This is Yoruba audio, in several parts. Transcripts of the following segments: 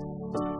Thank you.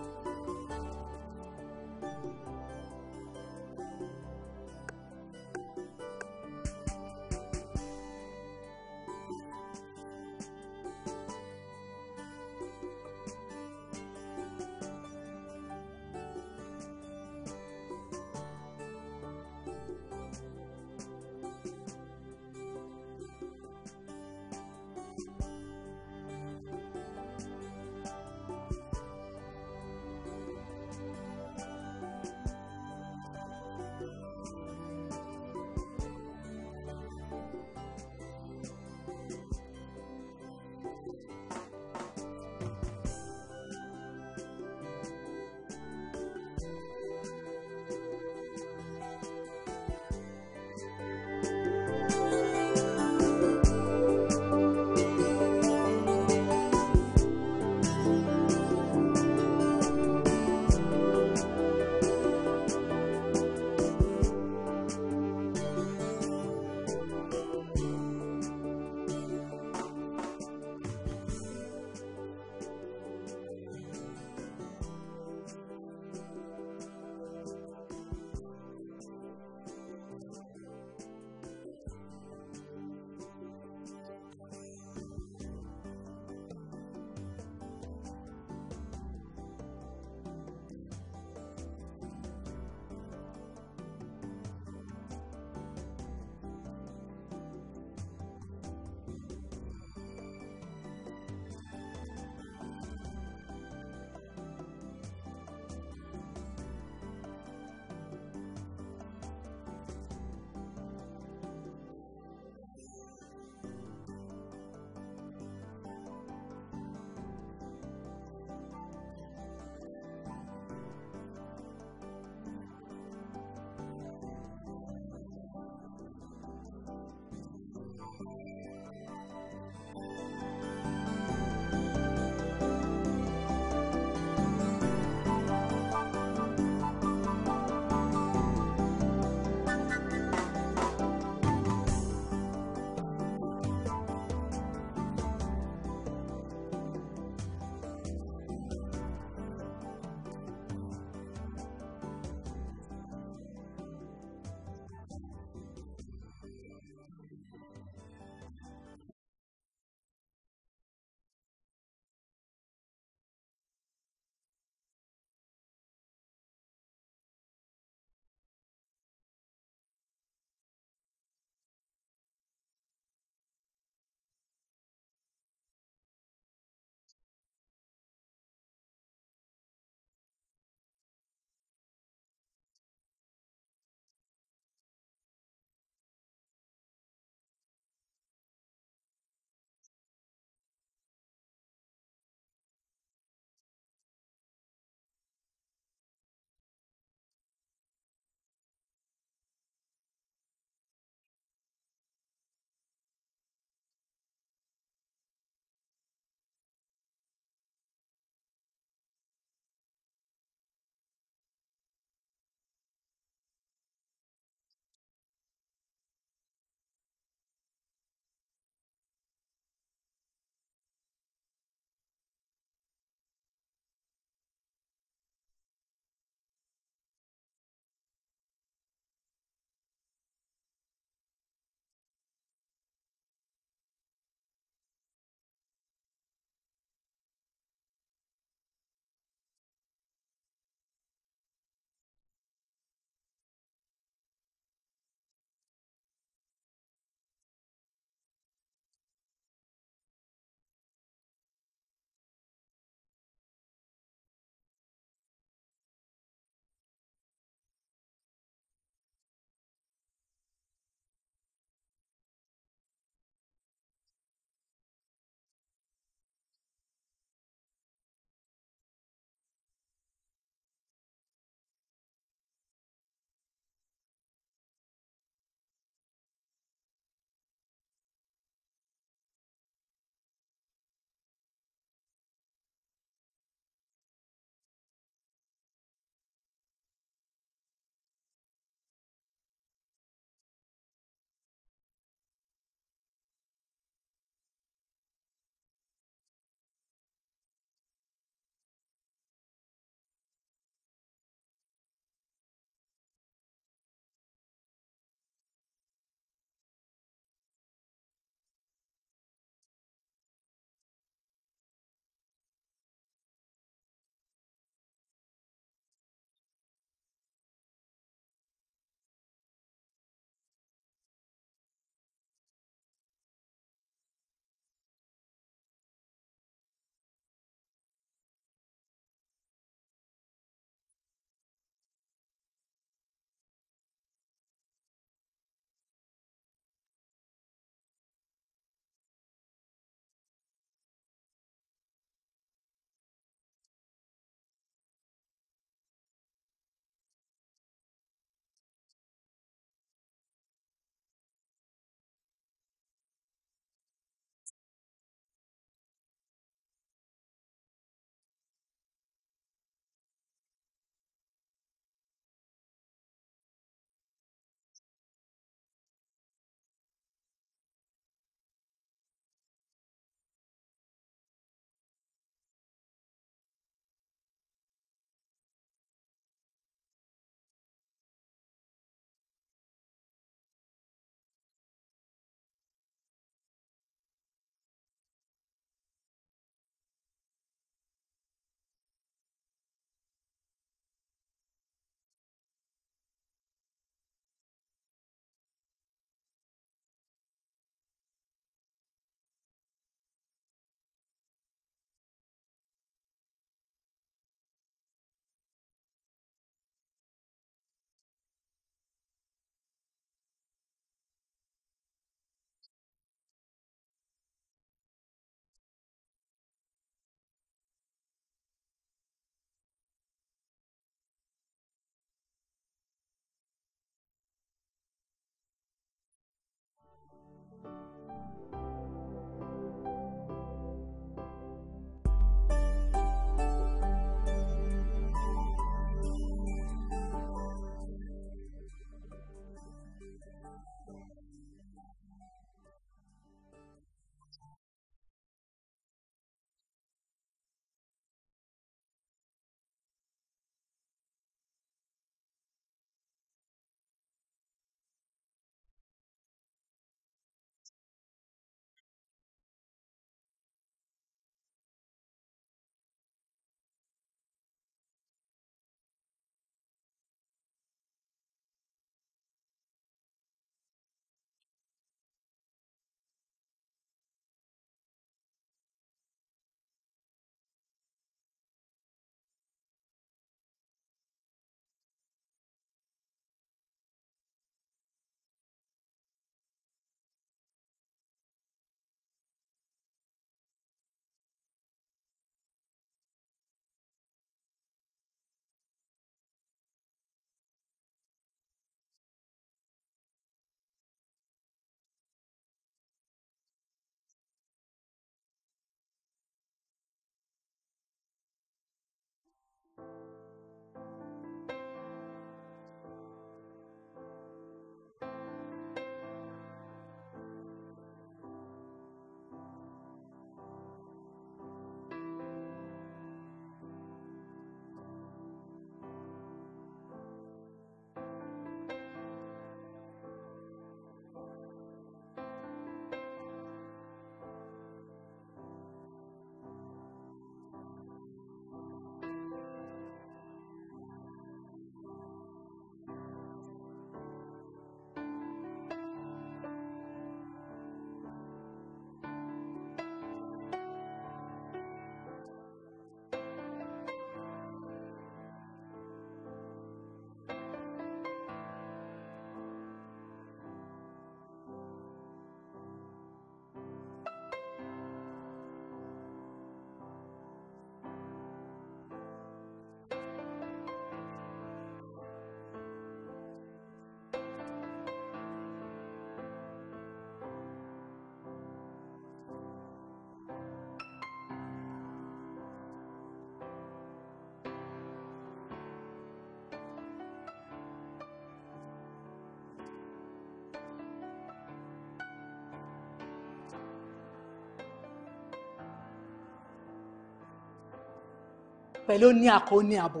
pẹ̀lú ní àkó ní àbò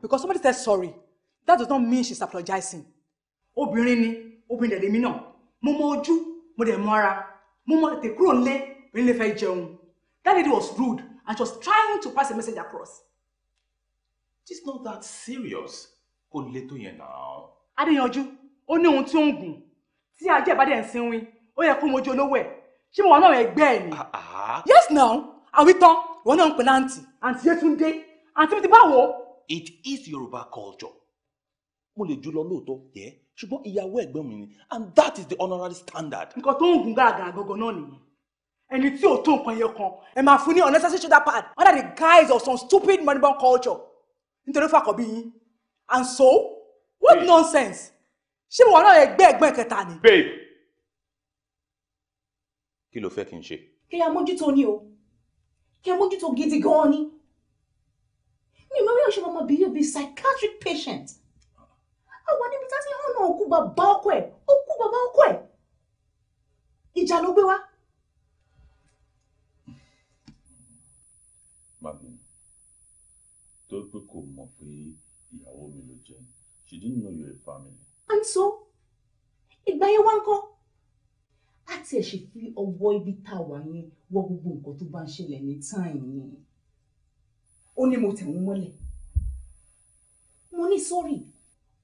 because somebody said sorry that does not mean she's apologizing. obìnrin ni obìnrin dẹ̀lẹ́mí náà mo mọ ojú mo dẹ̀ mọ ara mo mọ tètè kúrò nílé òun lè fẹ́ jẹun that lady was rude and she was trying to pass a message across. it's not that serious kó lè tó yẹn náà. adéyanjú ó ní ohun tí ó ń gùn tí ajé ìbàdàn ń sinwin ó yẹ kó mojú olówó ẹ ṣé mo wà náà ẹgbẹ́ ẹ ni. Ah, ah. yes now àwítán ìwọ náà ń pè láǹtì àǹtí yétúndé àti mi ti báwo. it is Yoruba culture mo lè jù lọ lóòótọ́ yẹ ṣùgbọ́n ìyàwó ẹ̀gbọ́n mi ni and that is the honorary standard. nǹkan tó ń gun gàgà àgọ́gọ́ náà nìyẹn ẹni tí ò tó nǹkan yẹn kan ẹ máa fún ní unnecessary shoulder pad under the guise of some stupid moribund culture nítorí fàkọ̀bí yín and so what babe. nonsense ṣé mo wà náà ẹgbẹ́ ẹ̀gbọ́n ìkẹta ni. babe kí ló fẹ́ kí n ṣe. kí a mójútó ni o kí a mójútó gidi gan-an ni mi ò mọ bí ọ̀ṣọ́ ọmọ bìí yóò bí psychiatric patient àwọn níbi tá a ti hàn náà òkú bàbá ọkọ ẹ̀ òkú bàbá ọkọ ẹ̀ ìjà ló gbé wá. màmí tó pé kò mọ̀ pé ìyàwó mi ló jẹ́ she didn't know you were family. and so ìgbà yẹn wá ń kọ́ láti ẹ̀ ṣe fi ọwọ́ ibi tá a wà yẹn wọ gbogbo nǹkan tó bá ń ṣẹlẹ̀ ní táyìn yẹn ó ní mo tẹ̀ wọ́n mọ́lẹ̀ mo ní sọ́rí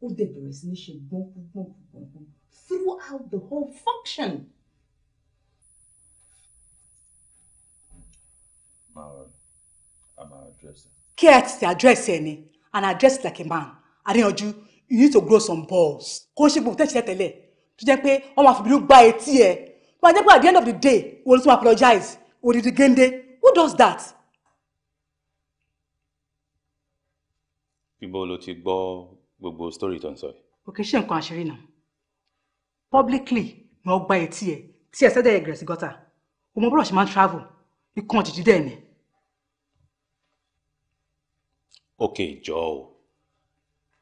ó dẹ̀ bẹ̀rẹ̀ sí ní ṣe gbọ̀nkú gbọ̀nkú gbọ̀nkú throughout the whole function. kí ẹ ti àdírẹ́sì ẹ ni and address like a man àríyànjú you need to grow some balls kó ṣe gbogbo tẹ̀sí tẹ̀lẹ̀ tó jẹ́ pé wọ́n máa fìbínú gba etí ẹ̀ wọ́n máa jẹ́ pé at the end of the day wọ́n tún apologize òdìdí géńdé who does that? ibo ló ti gbọ́ gbogbo story tó ń sọ yìí. òkè ṣe nǹkan àṣírí náà publicly ni wọ́n gba etí ẹ̀ tí ẹ̀ sẹ́dẹ̀ ẹ̀gẹ̀rẹ̀ sí gọ́tà ọmọ bọ́lọ̀ ṣe máa ń travel ikán òjijì dẹ̀ ni. òkè ìjọ o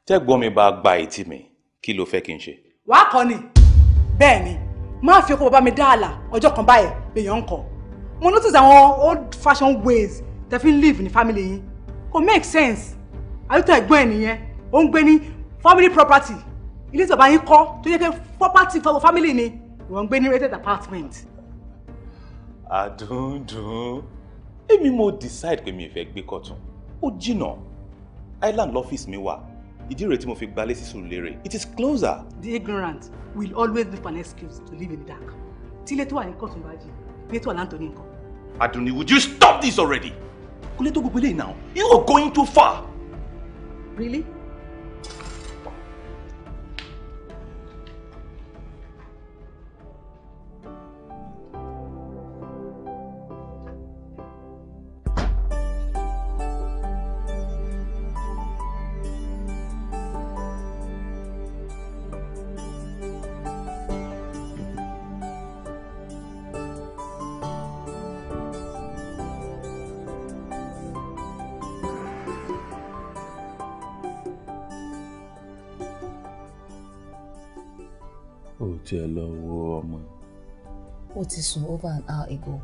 tẹ́gbọ́n mi bá gba etí mi kí ló fẹ́ kí n ṣe. wàá kọ́ ni bẹ́ẹ̀ ni máa fi ọkọ̀ bàbá mi dá àlà ọjọ́ kan báyẹn lèèyàn ń kọ́ mo notice àwọn old fashion ways tẹ́ fi ń live ní family yín kò make sense àlùtọ̀ ẹ̀gbọ́n ẹ̀ nìyẹn ó ń gbé ní family property ilé tí bàbá yín kọ́ tó yẹ kí property for family ni wọ́n ń gbé ní rented apartment. àdùndùn èmi mo decide pé mi ì fẹ́ gbé kọ̀tún ó jìnnà island lọ́fíìsì mi wà ìdí rèé tí mo fi gbalẹ̀ sí Sùúrùlérè it is closer. the ignorant will always look for an excuse to live in the dark tí ilé tó wà ní kọ̀tún bá jì ilé tó wà láǹtọ̀ ní nǹkan. àdùnní would you stop this already? kúlẹ̀ tó gbogbo eléyìí now you are going too far. Really? Ó ti sùn over an hour ago.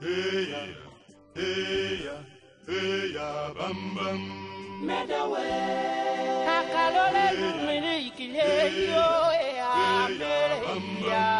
Hey hey hey bam bam. Medawe. Akalole lumini ikile yo e amere ya.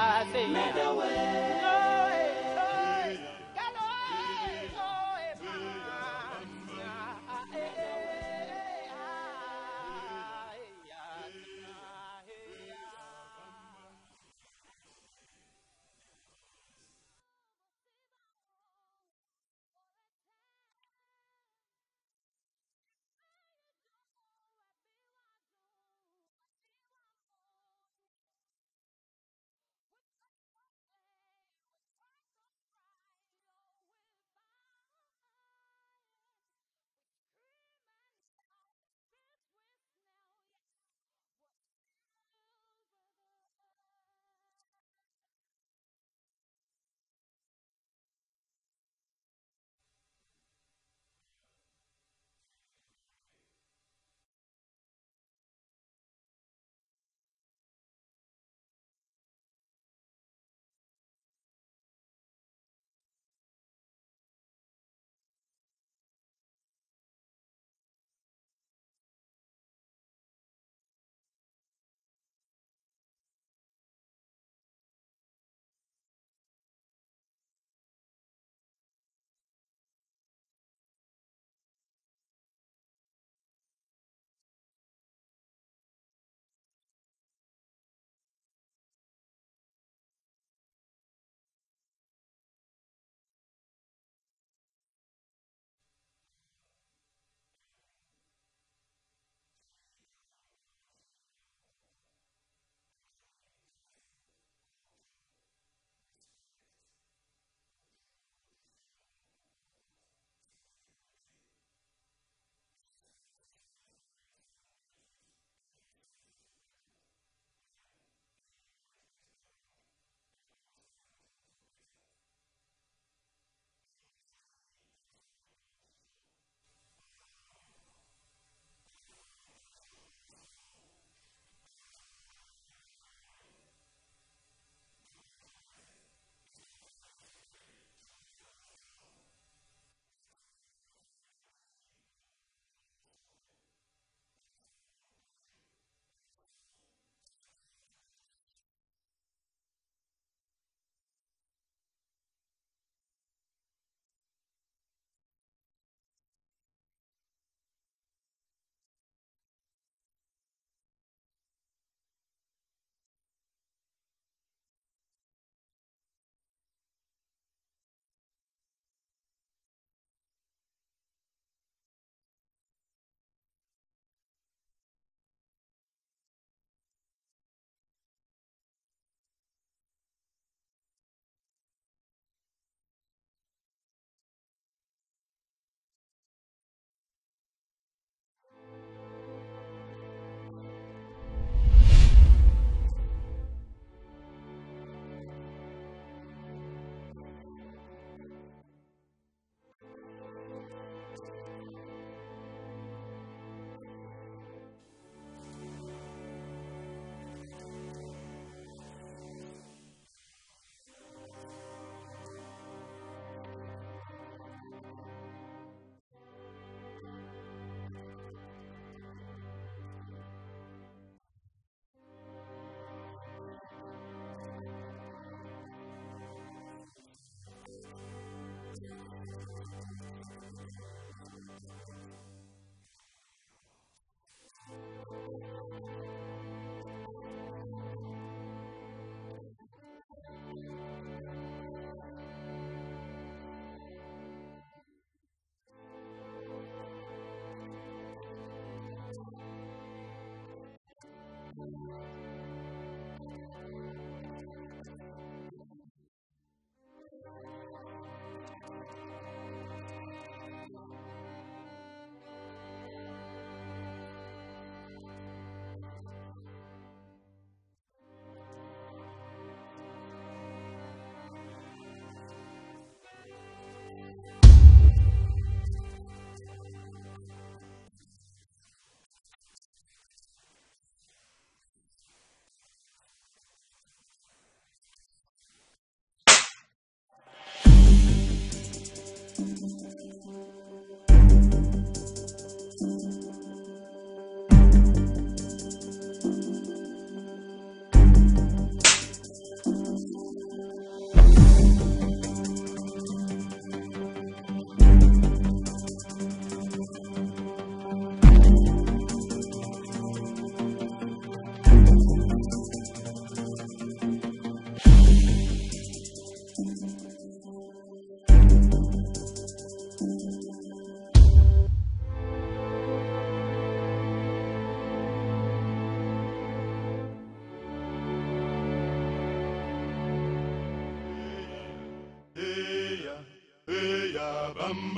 ハハハハ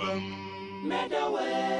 Bam. a way.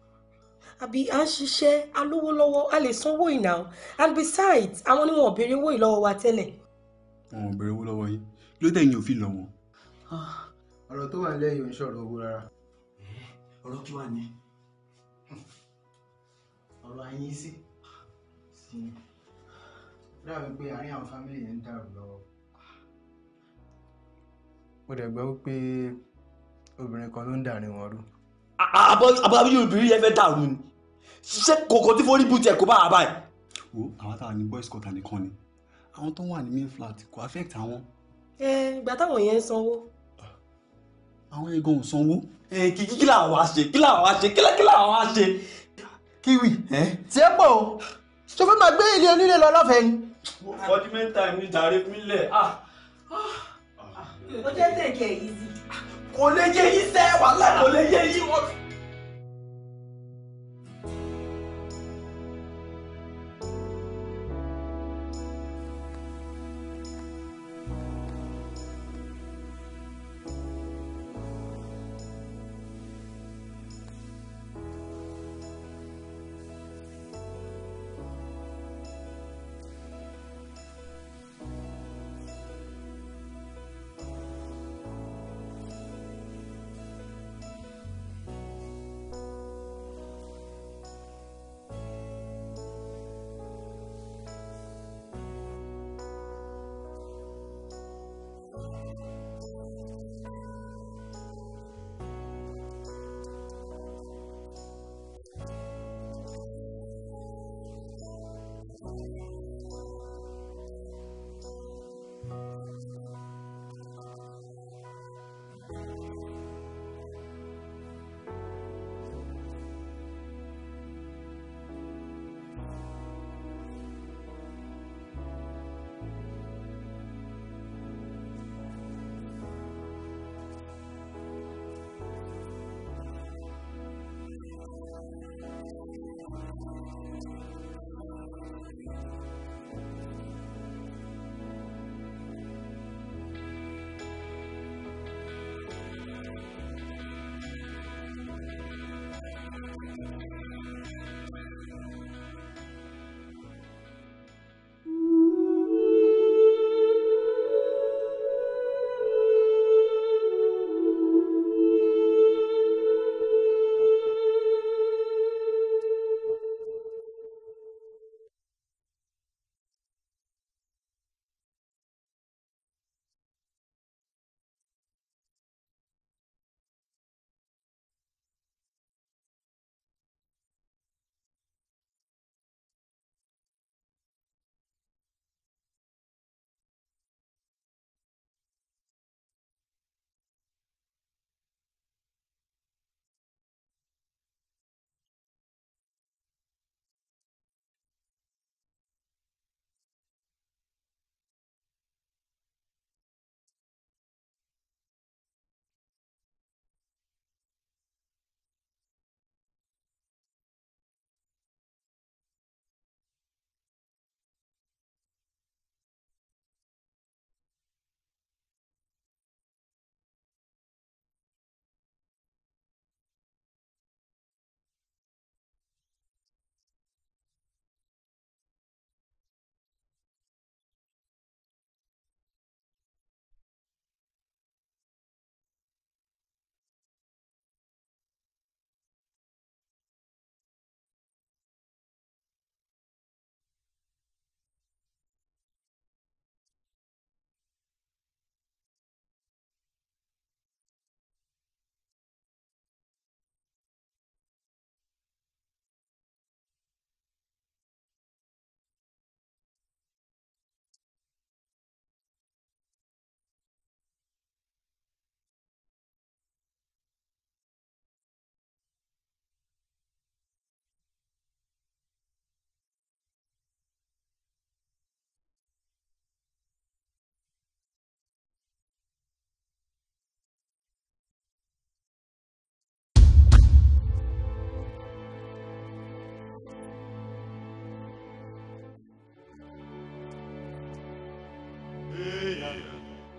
àbí à ń ṣiṣẹ́ a lówó lọ́wọ́ a lè sanwó ìnà and besides àwọn ni wọn ò béèrè owó ìlọ́wọ́ wa tẹ́lẹ̀. wọn ò béèrè owó lọ́wọ́ yín kí ló tẹ̀yìn òfin lọ wọn. ọ̀rọ̀ tó wà lẹ́yìn òun ṣọ̀rọ̀ owó rárá. ọ̀rọ̀ kí wàá ní ọ̀rọ̀ ayín sí sí ni dábàá pé àárín àwọn fámìlì yẹn ń dàrú lọ́wọ́. mo dẹ̀ gbọ́ pé obìnrin kan ló ń dàrin wọn rú. àbọ̀ àbọ̀ abiyí obìnrin yẹn dàrú ni ṣé kòkó tí forí bùtì ẹ̀ kó bá wà báyìí. wo àwọn táwa ní boys quarter nìkan ni àwọn tó wà ní main flat kò affect àwọn. ẹ ìgbà táwọn yẹn ń sanwó. àwọn egan ò sanwó. ẹ kí kí làwọn á ṣe kí làwọn á ṣe kí làwọn á ṣe. kiwi tí ẹ pọ̀ o ṣe fẹ́ máa gbé ilé onílé lọ lọ́fẹ̀ẹ́ ni. ọdún mẹ́ta mi jàre mi lẹ̀ ah, ah. ah. ó jẹ́ tẹ̀kẹ̀ yìí sí. kò lè yé yín sẹ́ wàhálà kò lè yé yín wọ́n.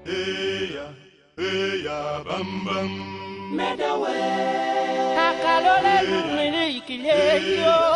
eya eya bam bam. mẹ́dẹ̀wẹ̀. kàkà ló lẹ́nu mi ní ìkìlẹ̀ yìí o.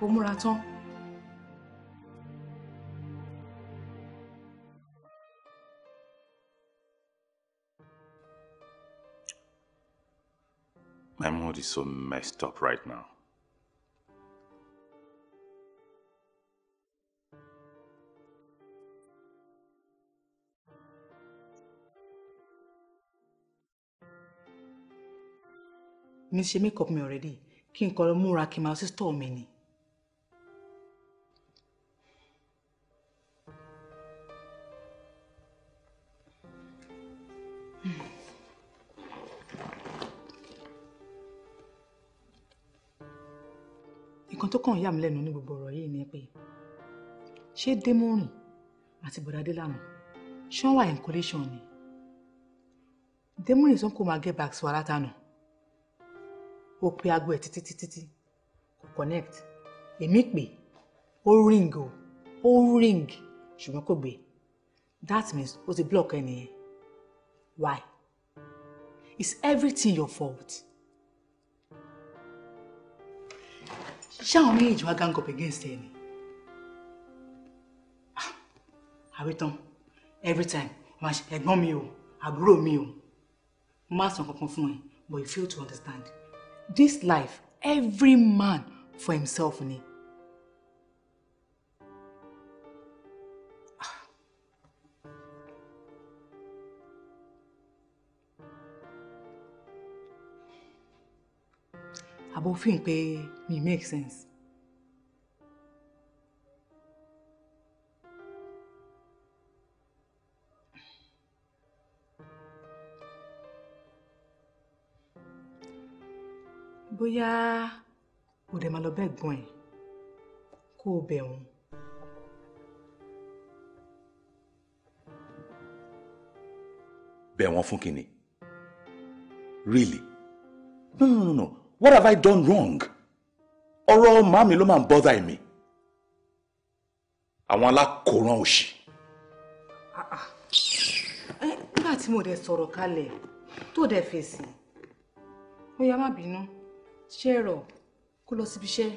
ó múra tán. My mood is so messed up right now. mi ṣe make up mi already kí n kọ́ lọ múra kí n máa sí store mi ni. kàn yà mí lẹ́nu ní gbogbo ọ̀rọ̀ yìí ni pé ṣé démọ̀rìn àti bọ̀dá délànà ṣé wọ́n wà in collision ni démọ̀rìn sọ kó máa get back sí wa látànà ó pe aago ẹ̀ títí títí kò connect èmi pè ó ring o ó ring ṣùgbọ́n kò gbé that means ó ti block ẹ nìyẹn why it's everything your fault. shall àwọn méjèèjì wá gang up against I ni ah, àwítán every time máa ignore me, I grow me. mi o má sàn kankan but you fail to understand this life every man for himself ni àbọ̀ fíìn pé mi make sense. bóyá ò dẹ̀ máa lọ bẹ́ẹ̀ gbọ́n ẹ̀ kó o bẹ̀ wọ́n. bẹ̀ wọ́n fún kínní really no no no no what have I done wrong? ọ̀rọ̀ màmí ló máa ń bọ́dà ẹ̀mí àwọn alákòóràn òṣì. nígbà tí mo dẹ̀ sọ̀rọ̀ kalẹ̀ tó dẹ̀ fèsì ó yá má bínú ṣé rọ̀ kó lọ síbi iṣẹ́.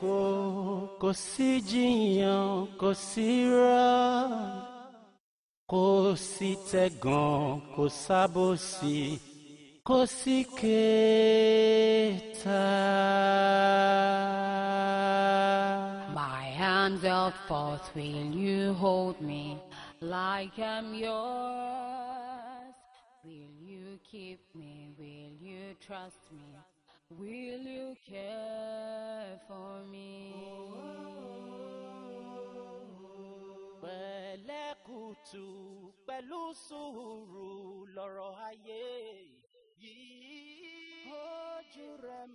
kò kò sí jiyàn kò sí kò sí kò kò sí My hands out forth, will you hold me like I'm yours? Will you keep me? Will you trust me? Will you care for me? Pẹ̀lẹ́ kùtù pẹ̀lú sùúrù lọ́rọ̀ ayé yìí. Ojú rẹ̀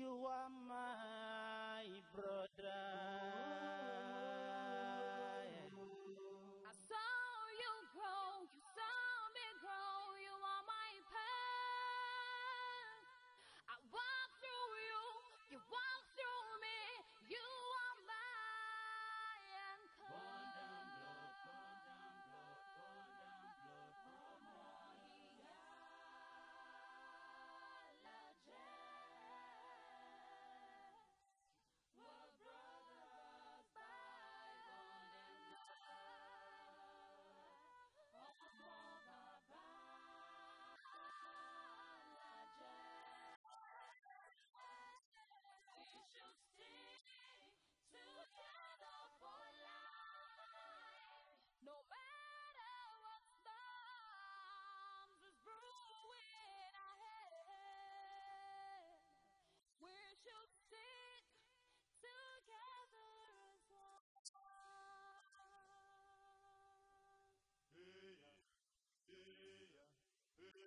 you are my brother.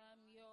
from your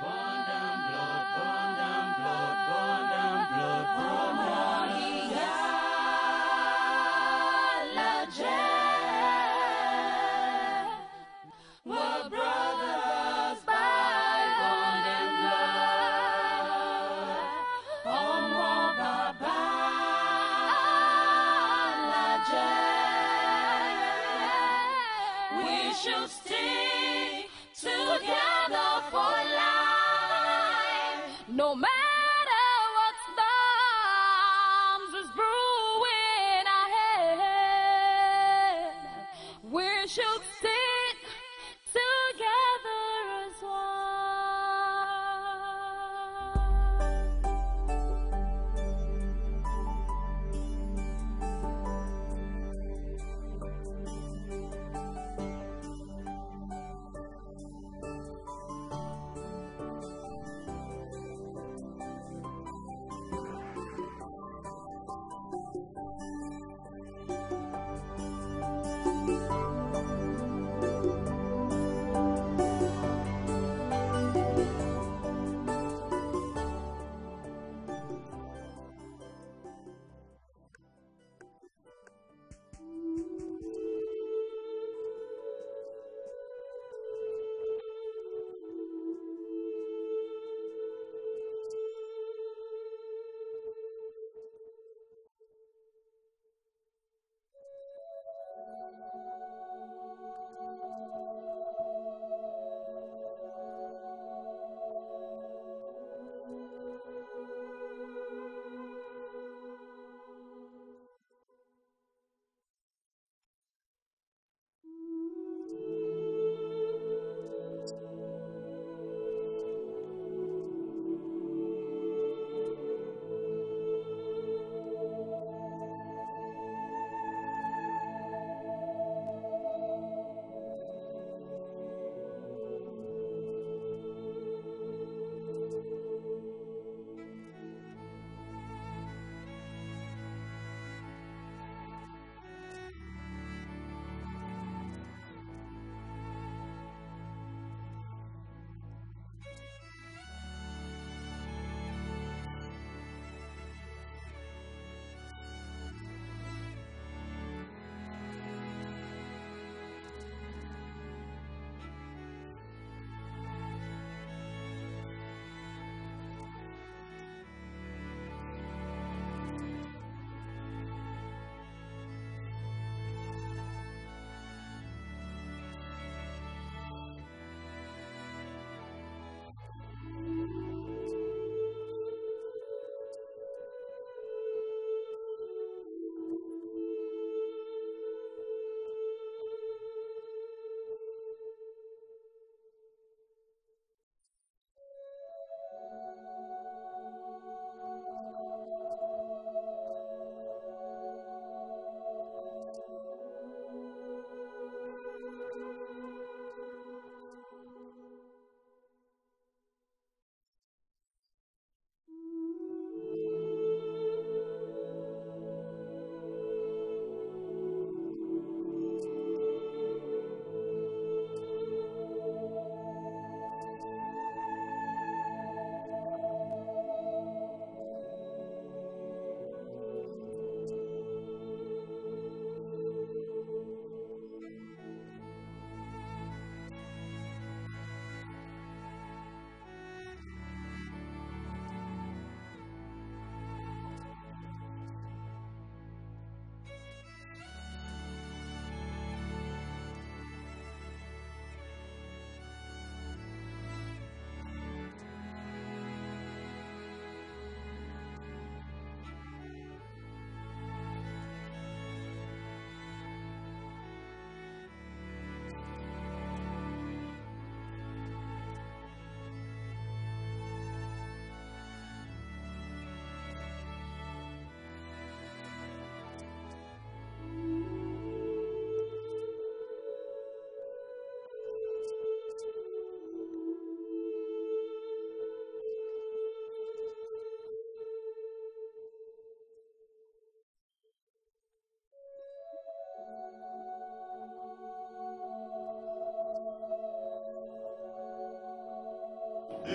Bye. No matter.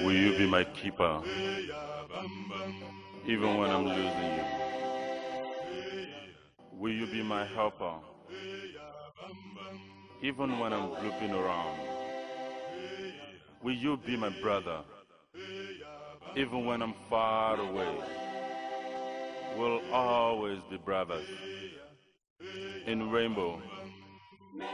Will you be my keeper even when I'm losing you? Will you be my helper even when I'm groping around? Will you be my brother even when I'm far away? We'll always be brothers in rainbow.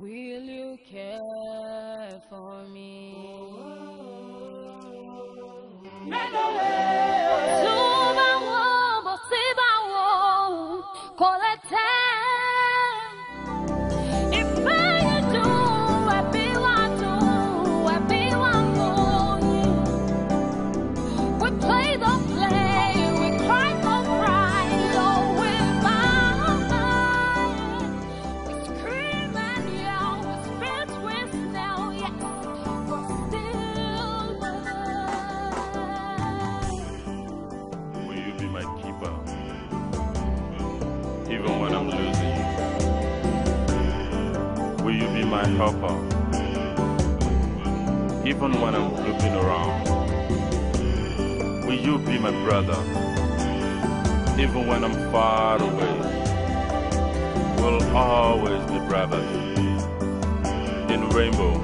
Will you care for me? Melody. Zuba wo, bo siba wo, kolete. helper. Even when I'm looking around, will you be my brother? Even when I'm far away, we'll always be brothers in rainbow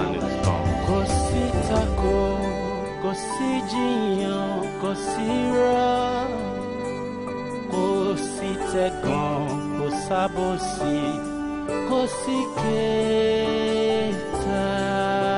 and in storm. Kò sí tako, kò sí jiyàn, kò sí rọ́, kò sí Cosiqueta.